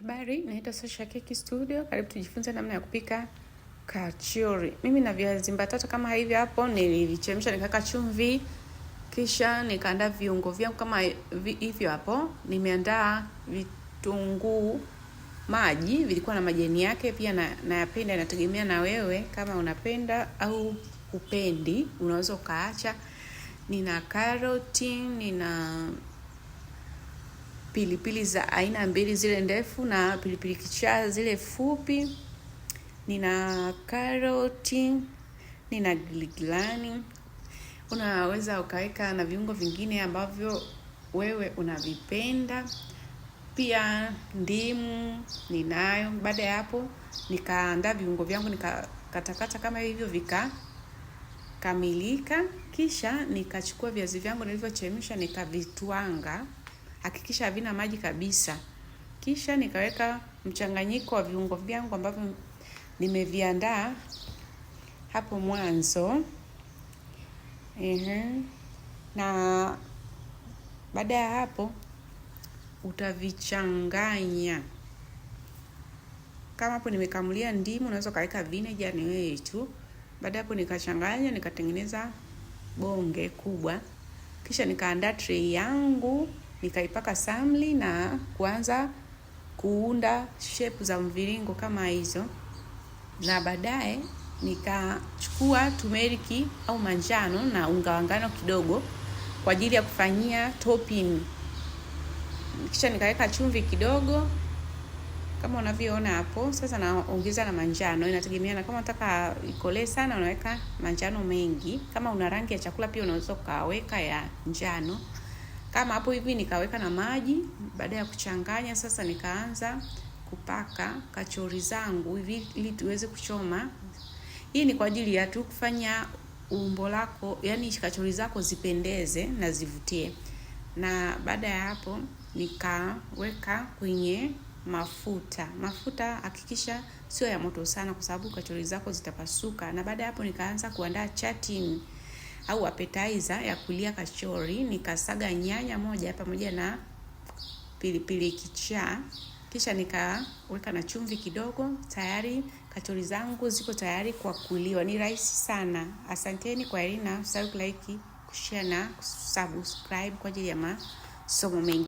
Habari, naitwa Sasha Keki Studio. Karibu tujifunze namna ya kupika kachori. Mimi na viazi mbatata kama hivi hapo nilivichemsha nikaka chumvi, kisha nikaandaa viungo vyangu kama hivyo hapo. Nimeandaa vitunguu maji, vilikuwa na majani yake pia na nayapenda, inategemea na wewe kama unapenda au upendi, unaweza ukaacha. Nina karoti, nina pilipili za aina mbili, zile ndefu na pilipili kichaa zile fupi. Nina karoti, nina giligilani. Unaweza ukaweka na viungo vingine ambavyo wewe unavipenda. Pia ndimu ninayo. Baada ya hapo, nikaandaa viungo vyangu nikakatakata kama hivyo vikakamilika, kisha nikachukua viazi vyangu nilivyochemsha nikavitwanga hakikisha havina maji kabisa. Kisha nikaweka mchanganyiko wa viungo vyangu ambavyo nimeviandaa hapo mwanzo. Ehe. Na baada ya hapo utavichanganya. Kama hapo nimekamulia ndimu, unaweza ukaweka vinegar, ni wewe tu. Baada hapo nikachanganya, nikatengeneza bonge kubwa, kisha nikaandaa tray yangu nikaipaka samli na kuanza kuunda shape za mviringo kama hizo, na baadaye nikachukua turmeric au manjano na unga wa ngano kidogo kwa ajili ya kufanyia topping, kisha nikaweka chumvi kidogo kama unavyoona hapo. Sasa naongeza na manjano, inategemeana kama unataka ikolee sana, unaweka manjano mengi. Kama una rangi ya chakula pia unaweza ukaweka ya njano kama hapo hivi nikaweka na maji. Baada ya kuchanganya sasa, nikaanza kupaka kachori zangu hivi ili tuweze kuchoma. Hii ni kwa ajili ya tu kufanya umbo lako, yani kachori zako zipendeze na zivutie. Na baada ya hapo nikaweka kwenye mafuta. Mafuta hakikisha sio ya moto sana, kwa sababu kachori zako zitapasuka. Na baada ya hapo nikaanza kuandaa chatini au appetizer ya kulia kachori, nikasaga nyanya moja pamoja na pilipili kichaa, kisha nikaweka na chumvi kidogo. Tayari kachori zangu ziko tayari kwa kuliwa. Ni rahisi sana. Asanteni kwa Elina, usahau like, kushare na kusubscribe kwa ajili ya masomo mengi.